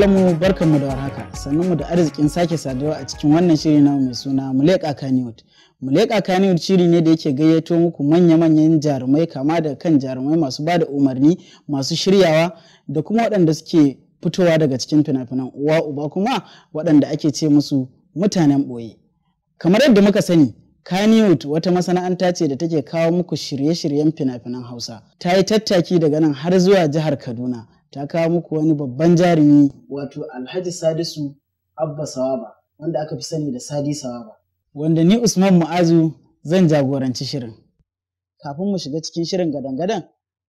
kallon mu mu da warhaka sannan mu da arzikin sake saduwa a cikin wannan shiri na mai suna Muleka Kaniwood. Muleka Kaniwood shiri ne da yake gayyato muku manya-manyan jarumai kama da kan jarumai masu ba da umarni masu shiryawa da kuma waɗanda suke fitowa daga cikin fina-finan uwa uba kuma waɗanda ake ce musu mutanen ɓoye. Kamar yadda muka sani Kaniwood wata masana'anta ce da take kawo muku shirye-shiryen fina-finan Hausa. Ta yi tattaki daga nan har zuwa jihar Kaduna. ta kawo muku wani babban jarumi wato Alhaji Sadisu Abba Sawaba wanda aka fi sani da Sadi Sawaba wanda ni Usman Mu'azu zan jagoranci shirin kafin mu shiga cikin shirin gadan-gadan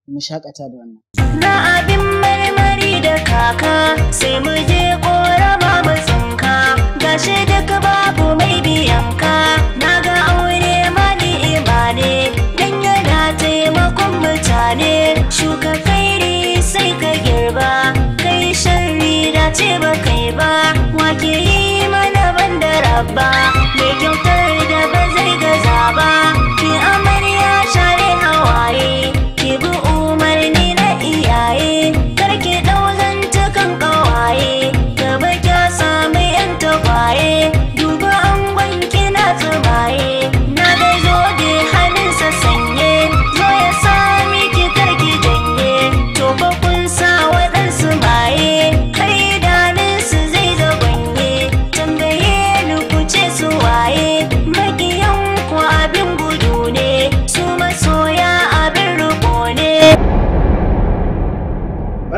mu shakata da wannan na abin marmari da kaka sai mu je korama mu tsinka gashi duka babu mai biyan ka na ga aure mani imane dan yana taimakon mutane shuka kai ba kai sharira ce ba kai ba wake yi mana ban rabba mai kyautar da ba zai gaza ba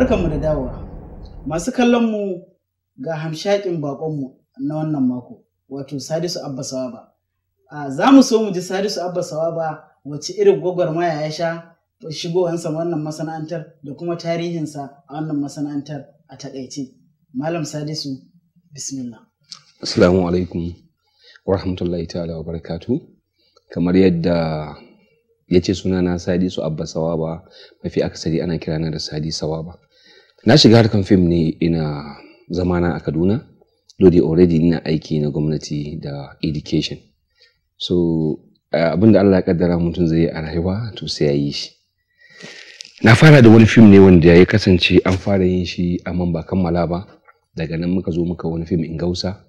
Barkanmu da dawowa. Masu kallon mu ga hamshakin bakonmu na wannan mako, wato Sadisu Abba Sawaba. Za mu so mu ji Sadisu Abba Sawaba wace irin gwagwarmaya ya sha shigowansa wannan masana'antar da kuma tarihinsa a wannan masana'antar a takaice. Malam Sadisu, bismillah. Assalamu alaikum wa rahmatullahi ta'ala wa barakatu. Kamar yadda ya ce sunana Sadisu Abba Sawaba, mafi akasari ana kirana da Sadi Sawaba. na shiga harkan fim ne ina zamana a kaduna dole already ina aiki na gwamnati da education so abin da allah ya kaddara mutum zai yi a rayuwa to sai ya yi shi na fara da wani fim ne wanda ya kasance an fara yin shi amma ba kammala ba daga nan muka zo muka wani fim in gausa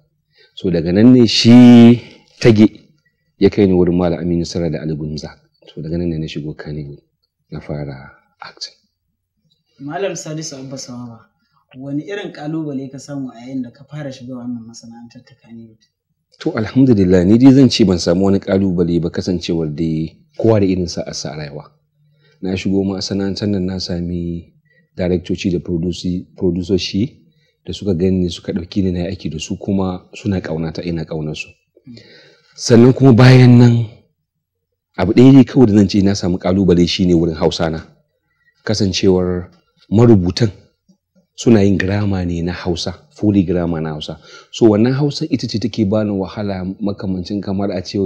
so daga nan ne shi tage ya kai ni wurin malam aminu sara da ali gunza to daga nan ne na shigo kanewood na fara acting Malam Salisu Abba Sawaba, wani irin kalubale ka samu a yayin da ka fara shiga wannan masana'antar ta To alhamdulillah ni dai zan ce ban samu wani kalubale ba kasancewar dai kowa da irin sa a sa rayuwa. Na shigo masana'antar nan na sami daraktoci da produsoshi da suka gani suka ɗauki ni na aiki da su kuma suna ƙaunata ina ƙaunarsu. Sannan kuma bayan nan abu ɗaya ne kawai da zan ce na samu ƙalubale shine wurin hausa na kasancewar marubutan suna yin grama ne na hausa fuli grama na hausa so wannan hausa ita ce take bani wahala makamancin kamar a ce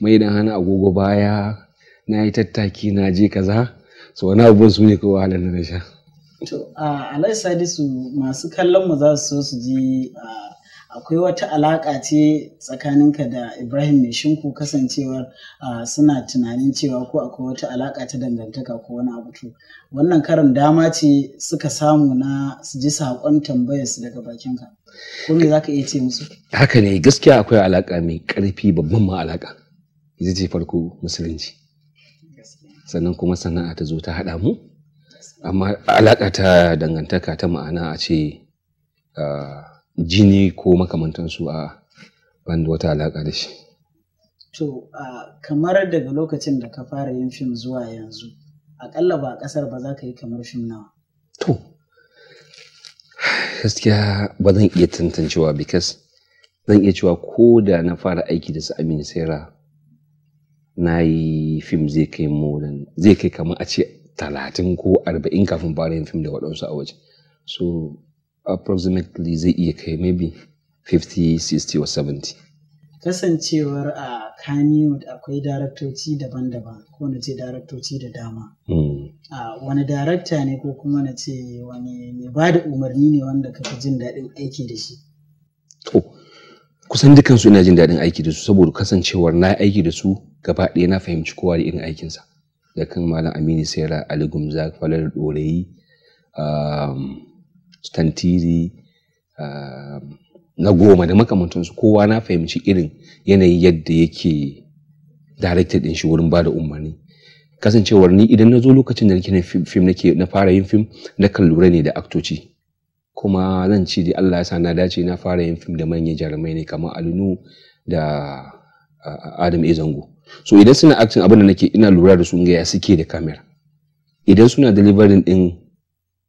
mai dan hana agogo baya na yi tattaki na je kaza so wani abubuwan su ne kawai wahalar na sha to a su masu kallon mu za su so su ji akwai wata alaƙa ce tsakaninka da ibrahim mai shinku kasancewar suna tunanin cewa ko akwai wata alaƙa ta dangantaka ko wani abu to wannan karin dama ce suka samu na su ji saƙon tambayar su daga bakinka ko me za iya ce musu haka ne gaskiya akwai alaƙa mai ƙarfi babban ma alaƙa ita farko musulunci sannan kuma sana'a ta zo ta haɗa mu amma alaƙa ta dangantaka ta ma'ana a ce jini ko makamantansu a ban da wata alaƙa da shi. To, kamar daga lokacin da ka fara yin fim zuwa yanzu, aƙalla ba a ƙasar ba za ka yi kamar fim nawa. To, gaskiya ba zan iya tantancewa because zan iya cewa ko da na fara aiki da su Aminu Sera na yi fim zai kai moran zai kai kamar a ce talatin ko arba'in kafin fara yin fim da waɗansu a waje. So, approximately zai iya kai maybe 50 60 or 70 kasancewar a kaniwood akwai daraktoci daban-daban ko na ce daraktoci da dama hmm. wani darakta ne ko kuma na ce wani mai ba da umarni ne wanda ka fi jin daɗin aiki da shi kusan dukansu ina jin daɗin aiki da su saboda kasancewar na aiki da su gaba ɗaya na fahimci kowa da irin aikinsa da kan malam aminu sera ali gumza falar ɗorayi um, stantiri ah, na goma da makamantansu kowa na fahimci irin yanayi yadda yake directed din shi wurin bada umarni kasancewar ni idan na zo lokacin da nake na fim nake na fara yin fim na kan lura ne da aktoci kuma zan ci da Allah ya sa na dace na fara yin fim da manyan jarumai ne kamar Alunu da ah, Adam Ezango so idan suna acting abin da nake ina lura da su ga ya suke da kamera idan suna delivering din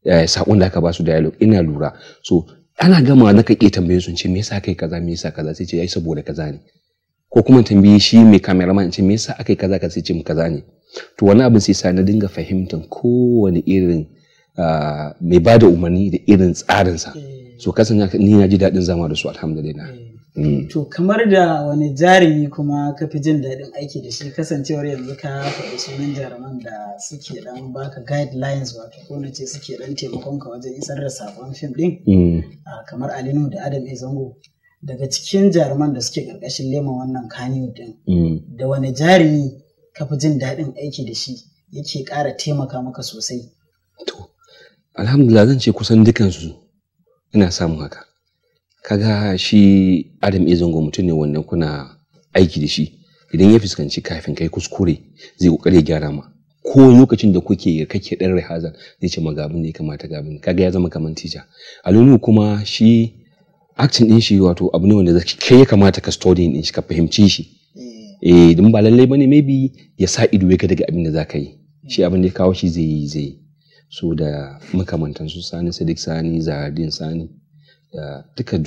Eh, sakon da aka ba su dialogue ina lura so ana gama na ka ke tambaye su ce me yasa kai kaza me yasa kaza sai ce ai saboda kaza ne ko kuma tambaye shi mai cameraman ce me yasa aka yi kaza ka sai ce kaza ne to wani abin sai sa na dinga fahimtar kowane irin ah, mai ba da umarni da irin tsarinsa eh. so kasance ni na ji daɗin zama da su alhamdulillah eh. Eh, to kamar da wani jarumi kuma ka fi jin daɗin aiki da shi kasancewar yanzu ka faɗi sunan jaruman da suke ɗan baka guidelines wato ko na ce suke ɗan taimakon ka wajen isar da sabon fim ɗin mm. kamar Alinu da Adam Ezango daga cikin jaruman da suke ƙarƙashin lema wannan kani ɗin mm. da wani jarumi ka fi jin daɗin aiki da shi yake ƙara taimaka maka sosai. To alhamdulillah zan ce kusan dukansu ina samun haka. kaga shi adam zango mutum ne wannan kuna aiki da shi idan ya fuskanci kafin kai kuskure zai kokari ya gyara ma ko lokacin da kuke kake dan rehearsal zai ce magabin ne kamata gabin kaga ya zama kaman tija alonu kuma shi action din shi wato abu ne wanda kai ya kamata ka study din shi ka fahimci shi eh, eh din ba lalle bane maybe ya sa ido ya ka daga abin da zaka yi shi abin da ya kawo shi zai yi zai so da makamantan su sani sadiq sani zahadin sani duka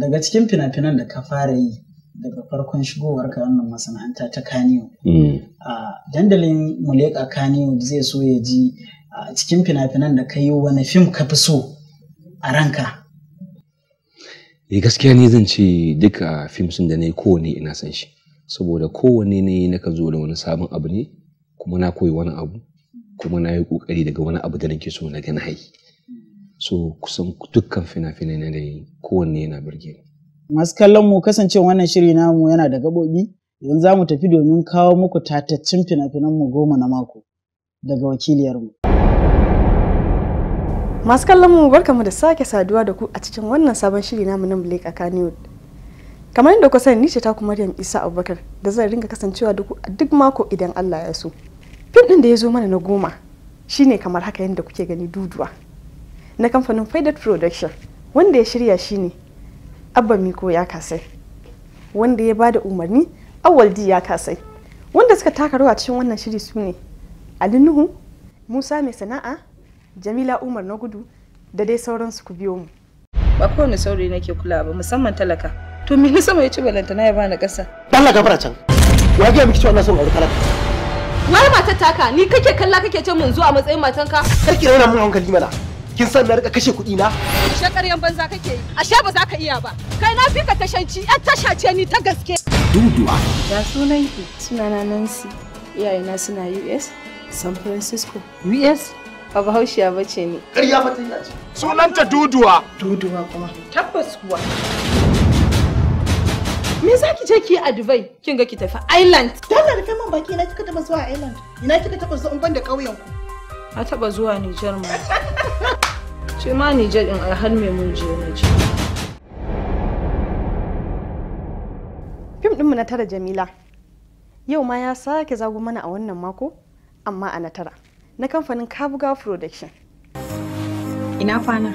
Daga cikin fina-finan da ka fara yi daga farkon shigowar ka wannan masana'anta ta kaniyo. Mm. Dandalin Muleka kaniyo zai so ya ji a cikin fina-finan da ka yi wani fim ka fi so a ranka. Ya eh, gaskiya ne zan ce duka fim sun da na yi kowane ina san shi. Saboda kowane ne na ka zo da wani sabon abu ne kuma na koyi wani abu kuma na yi ƙoƙari daga wani abu da nake so na gana yi. so kusan dukkan fina-finai na dai kowanne yana birge masu kallon mu kasance wannan shiri namu yana da gaɓoɓi yanzu za mu tafi domin kawo muku tataccen fina-finan mu goma na mako daga wakiliyarmu. masu kallon mu barkamu da sake saduwa da ku a cikin wannan sabon shiri namu na Blake a kamar yadda ku sani ni ce taku Maryam Isa Abubakar da zan ringa kasancewa da ku a duk mako idan Allah ya so. Fim ɗin da ya zo mana na goma shine kamar haka yadda kuke gani duduwa. na kamfanin Faidat Production wanda ya shirya shi ne Abba Miko ya kasai wanda ya bada umarni awaldi ya kasai wanda suka taka rawa cikin wannan shiri su ne alinuhu Musa mai sana'a Jamila Umar na gudu da dai sauransu ku biyo mu ba kowane saurayi nake kula ba musamman talaka to me sama ya ci balanta na ya bani kasa Allah fara can ya ga miki cewa na son aure talaka wai matar taka ni kake kalla kake ce mun zuwa matsayin matanka kake raina mun hankali mana kin san na rika kashe kuɗi na? Ashe ƙaryan banza kake yi, ashe ba za ka iya ba. Kai na fi ka tashanci, ‘yan tasha ce ni ta gaske. Duduwa. Ya sunan ki? Sunana Nancy. Iyayena suna US, San Francisco. US? Ba bahaushiya ya bace ni. Ƙarya ba ta ce. Sunanta Duduwa. Duduwa kuma. Tabbas kuwa. Me za ki je ki yi a Dubai? Kin ga ki tafi Island. Dalla da kai man baki na kika taɓa zuwa Island. Ina kika taɓa zuwa ban da ƙauyen ku. a taɓa zuwa Nijar ma. Ce ma Nijar in ai har mai je ne ce. Fim ɗinmu na tara Jamila. Yau ma ya sake zago mana a wannan mako, amma a na tara. Na kamfanin Kabuga Production. Ina kwana?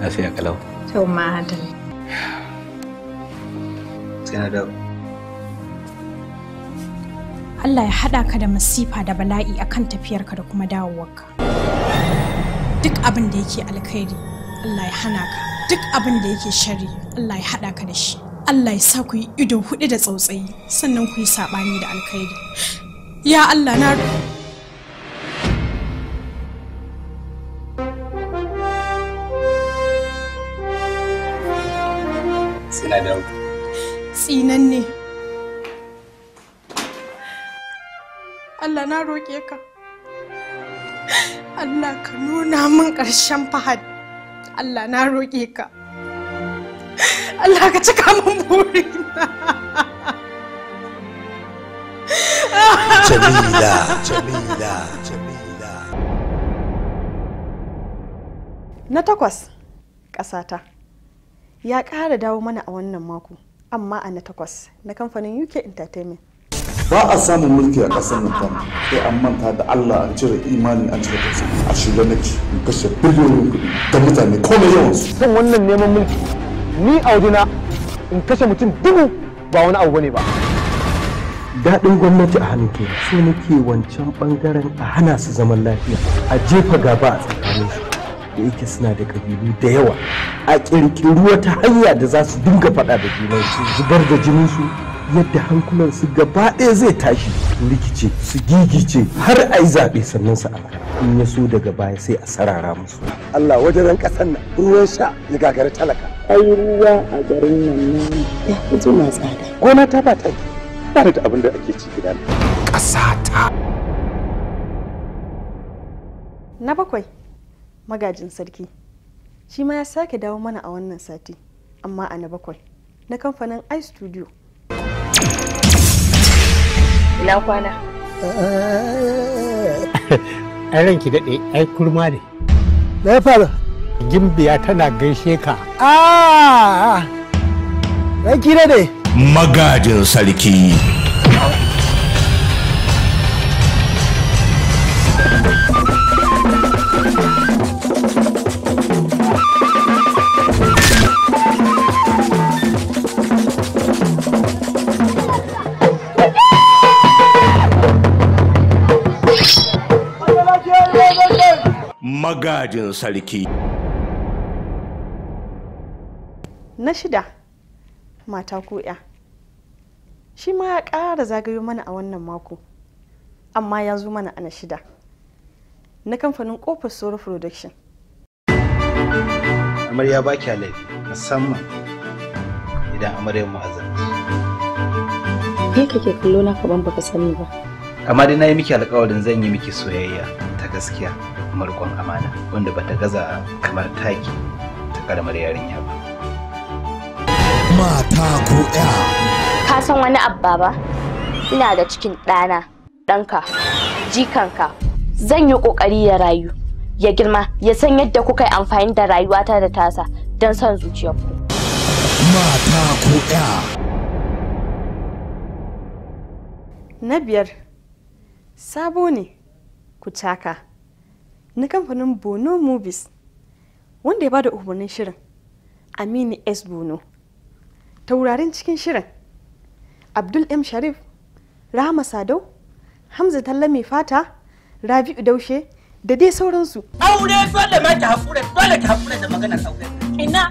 Lafiya kalau. Yau ma hadari. Sai na Allah ya haɗa ka da masifa da bala'i akan tafiyarka da kuma dawowarka. Duk abin da yake alkhairi Allah ya hana ka, duk abin da yake shari Allah ya haɗa ka da shi. Allah ya sa ku yi ido huɗu da tsautsayi sannan ku yi saɓani da alkhairi. Ya Allah na Sina ne. Allah na roƙe ka Allah ka nuna min ƙarshen fahad Allah na roƙe ka Allah ka cika min burina Jamila Jamila Jamila Na takwas ƙasata ya ƙara dawo mana a wannan mako amma a na takwas na kamfanin UK Entertainment ba a samun mulki a ƙasar nan ba sai an manta da Allah an cire imani an cire kansu a shirye nake in kashe biliyoyin kuɗi da mutane mai yawan su kan wannan neman mulki ni a wajena in kashe mutum dubu ba wani abu bane ba daɗin gwamnati a hannun ke su nake wancan ɓangaren a hana su zaman lafiya a jefa gaba a tsakanin su da yake suna da ƙabilu da yawa a ƙirƙiri wata hanya da za su dinga faɗa da junansu zubar da jininsu yadda hankulansu gaba ɗaya zai tashi rikice su gigice har a yi zaɓe sannan su aka in ya so daga baya sai a sarara musu Allah wajen ƙasar nan ruwan sha ya gagari talaka ai ruwa a garin nan ne ya fito na tsada gona ta ba ta yi. ba da abin da ake ci gidan ƙasa ta na bakwai magajin sarki shi ma ya sake dawo mana a wannan sati amma a na bakwai na kamfanin i studio Ina kwana. Ai ranki daɗe, ai kurma ne. Me Gimbiya tana gaishe ka. Ah! Ranki daɗe. Magajin sarki. magajin sarki na shida mata ko shi ma ya ƙara zagayo mana a wannan mako amma ya zo mana ana shida na kamfanin kofar soro production amarya ba kya laifi musamman idan amaryar mu azanci kake kallo na kaban baka sani ba kamar dai na yi miki alƙawarin zan yi miki soyayya ta gaskiya markon amana wanda bata gaza kamar taki ta karamar yarinya ba mata ko ya ka san wani abba ba ina da cikin ɗana ɗanka jikanka zan yi ƙoƙari ya rayu ya girma ya san yadda kuka yi amfani da rayuwata da tasa don son zuciyarku mata ko ya na biyar sabo ne ku caka na kamfanin bono movies wanda ya bada umarnin shirin aminu s bono taurarin cikin shirin abdul m sharif rahama sadau hamza talla mai fata rabi daushe da dai sauransu aure dole ma ki hakura dole ki hakura da maganar aure ina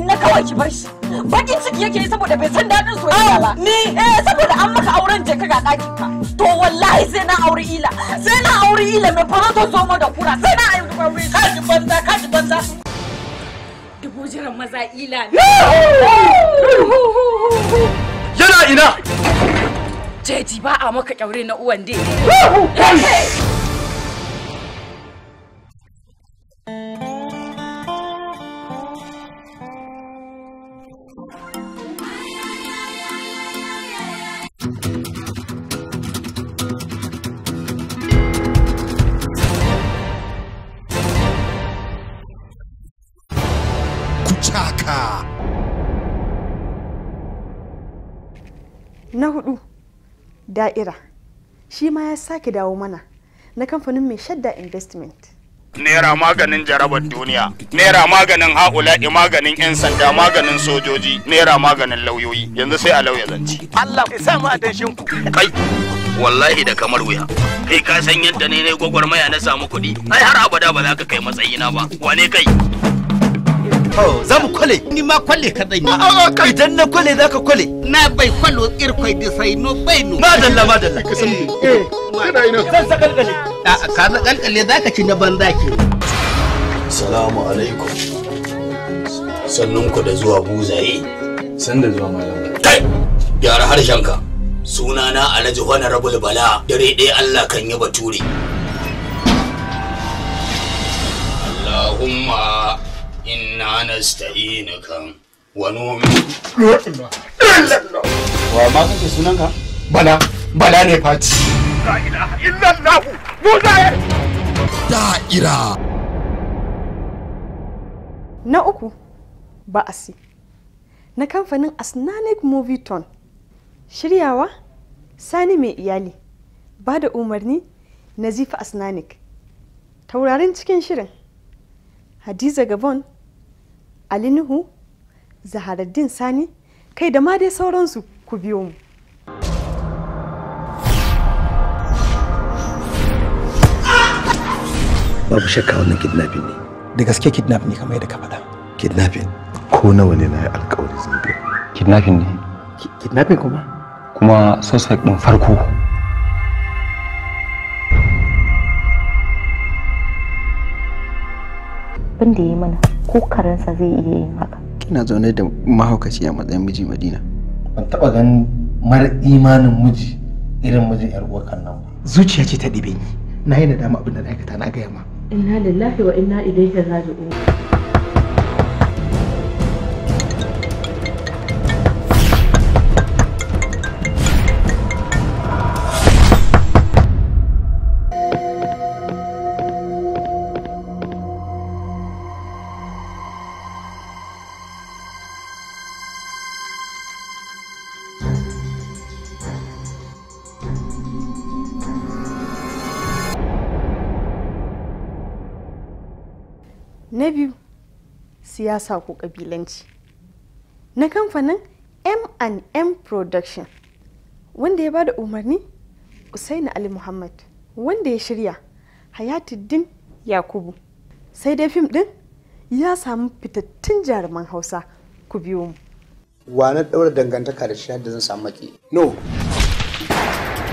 ina kawai ki bar shi bakin ciki yake yi saboda bai san dadin soyayya ba ni eh saboda an maka auren je ka ga daki ka to wallahi sai na aure ila sai na aure ila mai farato zomo da kura sai na aure ka Kaji banza kaji banza dubu jiran maza ila yana ina jeji ba a maka kyaure na uwan dai na hudu da'ira shi ma ya sake dawo mana na kamfanin mai shadda investment naira maganin jarabar duniya naira maganin haula'i maganin 'yan sanda maganin sojoji naira maganin lauyoyi yanzu sai a lauya zanci allah ya sa a ku kai wallahi da kamar wuya kai ka san yadda ne ne gwagwarmaya na samu kuɗi ai har abada ba za ka kai matsayina ba wane kai Oh, za mu kwale ni ma kwale ka zai ni oh, oh, idan na kwale za ka kwale na bai kwalo irkwai da sai no bai no madalla madalla ka san eh. kana ina zan sa kalkale a ka za kalkale za ka ci na banza ke assalamu alaikum sannun ku da zuwa buzaye san da zuwa malam kai gyara harshen ka sunana alhaji honorable bala dare ɗaya allah kan yi bature Allahumma إنا نستعينك ونؤمن وما كنت سننك بلا بلا نفات لا إله إلا الله مزايد دائرة na uku ba'asi na kamfanin asnanic movie ton shiryawa sani mai iyali ba da umarni nazifa asnanik taurarin cikin shirin hadiza gabon Ali Nuhu, Zaharaddin Sani, kai da ma dai sauransu ku biyo mu. Babu shakka wannan kidnapping ne. Da gaske kidnapping ne kamar yadda ka faɗa. Kidnapping? Ko nawa ne na yi alkawari zan biya. Kidnapping ne? Kidnapping kuma? Kuma suspect ɗin farko da ya mana ko karansa zai iya yin haka kina zaune da mahaukaci a matsayin miji madina ban taba ganin mara imanin miji irin mijin yar uwakan nan ba zuciya ce ta ɗibe ni na yi nadama abin da na aikata na gaya ma inna lillahi wa inna ilaihi raji'un siyasa ko kabilanci na kamfanin m&m production wanda ya ba da umarni usaini ali muhammad wanda ya shirya hayatuddin yakubu sai dai fim din ya samu fitattun jaruman hausa ku biyo mu wa daura dangantaka da shi da zan samu maki no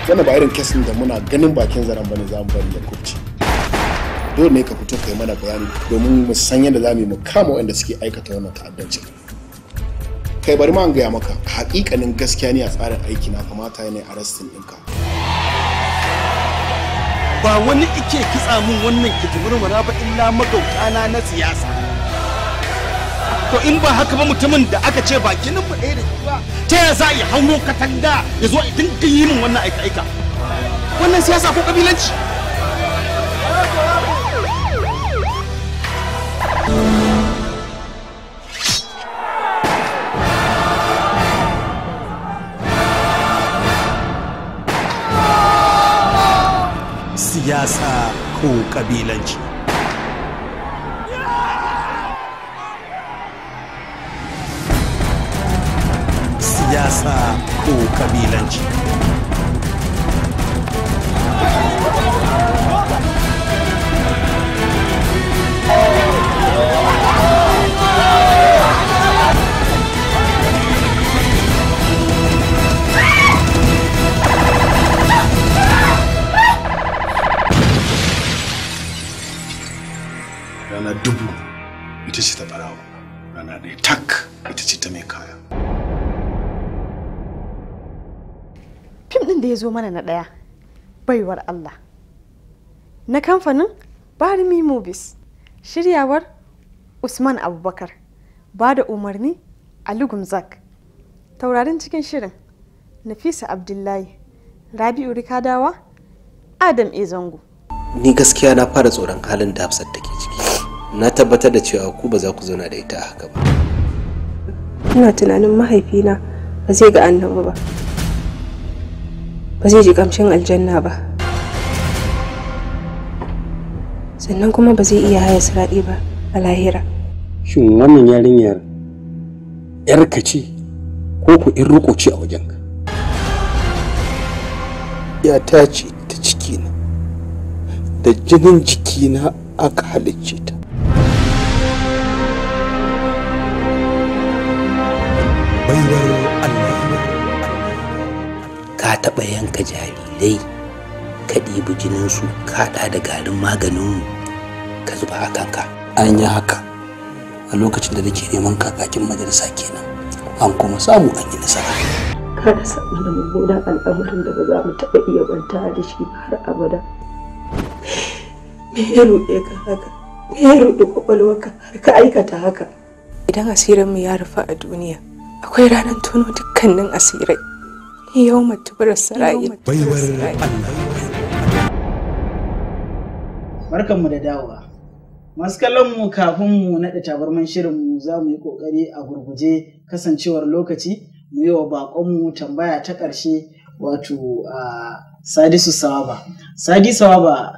yana ba irin kesin da muna ganin bakin zaren bane za mu bari ya kubce dole ne ka fito kai mana bayani domin mu san yadda za mu yi mu kama waɗanda suke aikata wannan ta'addancin kai bari ma an gaya maka hakikanin gaskiya ne a tsarin aiki na kamata yana a arrestin ɗinka ba wani ike kitsa min wannan kitimurmura ba illa magautana na siyasa to in ba haka ba mutumin da aka ce bakin ba ɗaya da ba ta ya za a yi hango katanga ya zo ya dinga yi min wannan aika-aika wannan siyasa ko kabilanci siyasa ko kabilanci siyasa ko kabilanci Oh! rana dubu ita ce ta barawo rana ɗaya tak ita ce ta mai kaya fim ɗin da ya zo mana na ɗaya baiwar allah na kamfanin barmi movies shiryawar usman abubakar ba da umarni ali gumzak taurarin cikin shirin nafisa abdullahi rabi'u rikadawa adam ezangu ni gaskiya na fara tsoron halin da hafsat take na tabbatar da cewa ku ba za ku zauna da ita haka ba ina tunanin mahaifina ba zai ga annabi ba ba zai ji kamshin aljanna ba sannan kuma ba zai iya haya siraɗi ba a lahira shin wannan yarinyar yarka ce ko ku in riko ce a wajenka ya ta ce ta cikina da jinin na aka halicce ta Allah ka taɓa yanka jarirai ka ɗibi jininsu kaɗa da garin maganinmu ka zuba a kanka an yi haka a lokacin da nake neman kakakin majalisa kenan an kuma samu an yi nasara kada samu da mummunan al'amarin da ba za mu taɓa iya banta da shi har abada me ya ruɗe ka haka me ya ruɗe kwakwalwarka har ka aikata haka idan asirinmu ya rufa a duniya akwai ranar tono dukkanin asirai ni yau matubar sarai baiwar barkanmu da dawowa masu kallonmu mu kafin mu naɗa tabarman shirin mu za mu yi ƙoƙari a gurguje kasancewar lokaci mu yi wa baƙonmu tambaya ta ƙarshe wato sadisu sawaba sadisu sawaba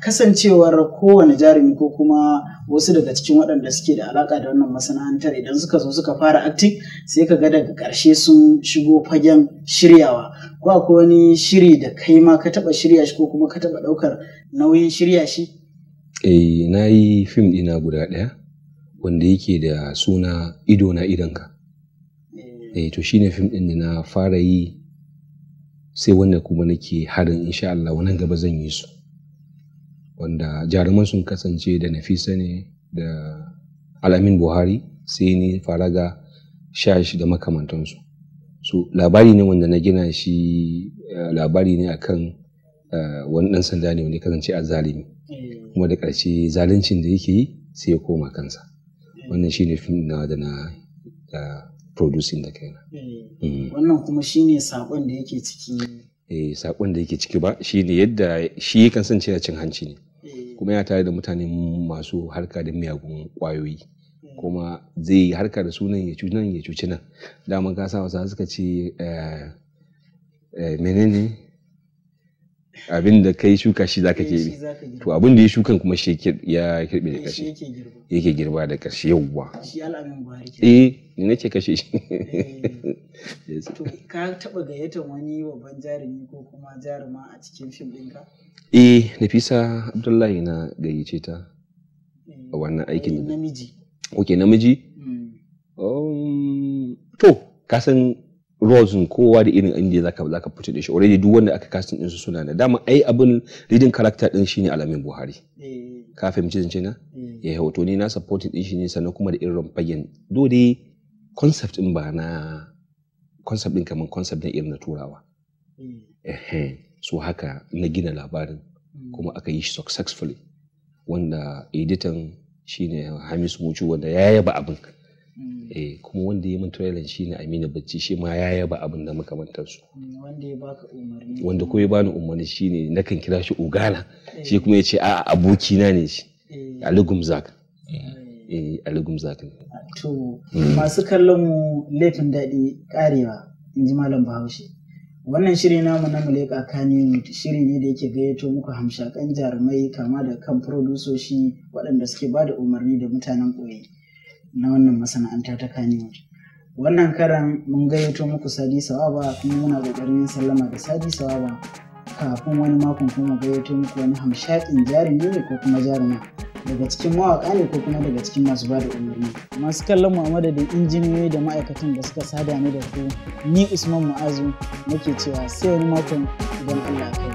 kasancewar kowane jarumi ko kuma wasu daga cikin waɗanda suke da alaƙa da wannan masana'antar idan suka zo suka fara acting sai ka ga daga ƙarshe sun shigo fagen shiryawa ko akwai wani shiri da kai ma ka taɓa shirya shi ko kuma ka taɓa ɗaukar nauyin shirya shi? Eh na yi fim ɗina guda ɗaya wanda yake da suna ido na idonka. Eh. eh to shine fim ɗin da na fara yi sai wanda kuma nake harin insha Allah wannan gaba zan yi su. wanda jaruman sun kasance da nafisa ne da alamin buhari sai ni faraga shi da makamantansu so labari ne wanda na gina shi eh, labari ne akan eh, wani dan sanda ne wanda ya kasance a zalimi eh. kuma da ƙarshe zaluncin da yake yi sai ya koma kansa wannan shine fim na da na producing da kaina mm. wannan kuma ne saƙon da yake ciki eh saƙon da yake ciki ba shi ne. yadda shi kan a cin hanci ne kuma yana tare da mutane masu harka da miyagun kwayoyi kuma zai harka da sunan ya cuci nan ya cuci nan damar kasa sa wasa suka ce eh, eh, menene abin da kai shuka shi za zaka eh, keɓe to abin da ya shukan kuma shi ya kirɓe da ƙarshe yake girba da ƙarshe yawwa eh ni nake kashe shi eh. to ka taba gayyatar wani babban jarumi ko kuma jaruma a cikin fim ɗinka eh nafisa abdullahi na gayyace ta eh, a wannan aikin namiji ok namiji hmm. um, to kasan rozin kowa da irin inda zaka zaka fito da shi already duk wanda aka casting din su suna da dama ai abin leading character din shine Alamin Buhari eh. ka fahimci zance na ya hoto ne na supporting din shi ne sannan kuma da irin fagen dole concept din ba na concept din kamar concept din irin na turawa mm. so haka na gina labarin mm. kuma aka yi shi successfully wanda editan shine Hamis Mucu wanda ya yaba abin mm. eh kuma wanda ya min trailer shine Aminu Bacci shi ma ya yaba abin da makamantar su wanda ya baka umarni wanda ko ya bani umarni shine nakan kira shi Ogana eh. shi kuma ya ce a aboki na ne shi eh. Ali Gumzak eh. eh zakin to hmm. masu kallon mu laifin daɗi karewa in ji malam bahaushe wannan shiri namu na muleka kani shiri ne da yake gayyato muku hamshakan jarumai kama da kan furodusoshi waɗanda suke ba da umarni da mutanen koyi na wannan masana'anta ta kani wannan karan mun gayyato muku sadi sawaba kuma muna ƙoƙarin sallama da sadi sawaba kafin wani makon kuma gayyato muku wani hamshakin jarumi ne ko kuma jaruma daga cikin mawaƙa ne ko kuma daga cikin masu ba da umarni masu kallon mu a madadin injiniyoyi da ma'aikatan da suka sada ni da ku ni usman mu'azu nake cewa sai wani makon idan allah ya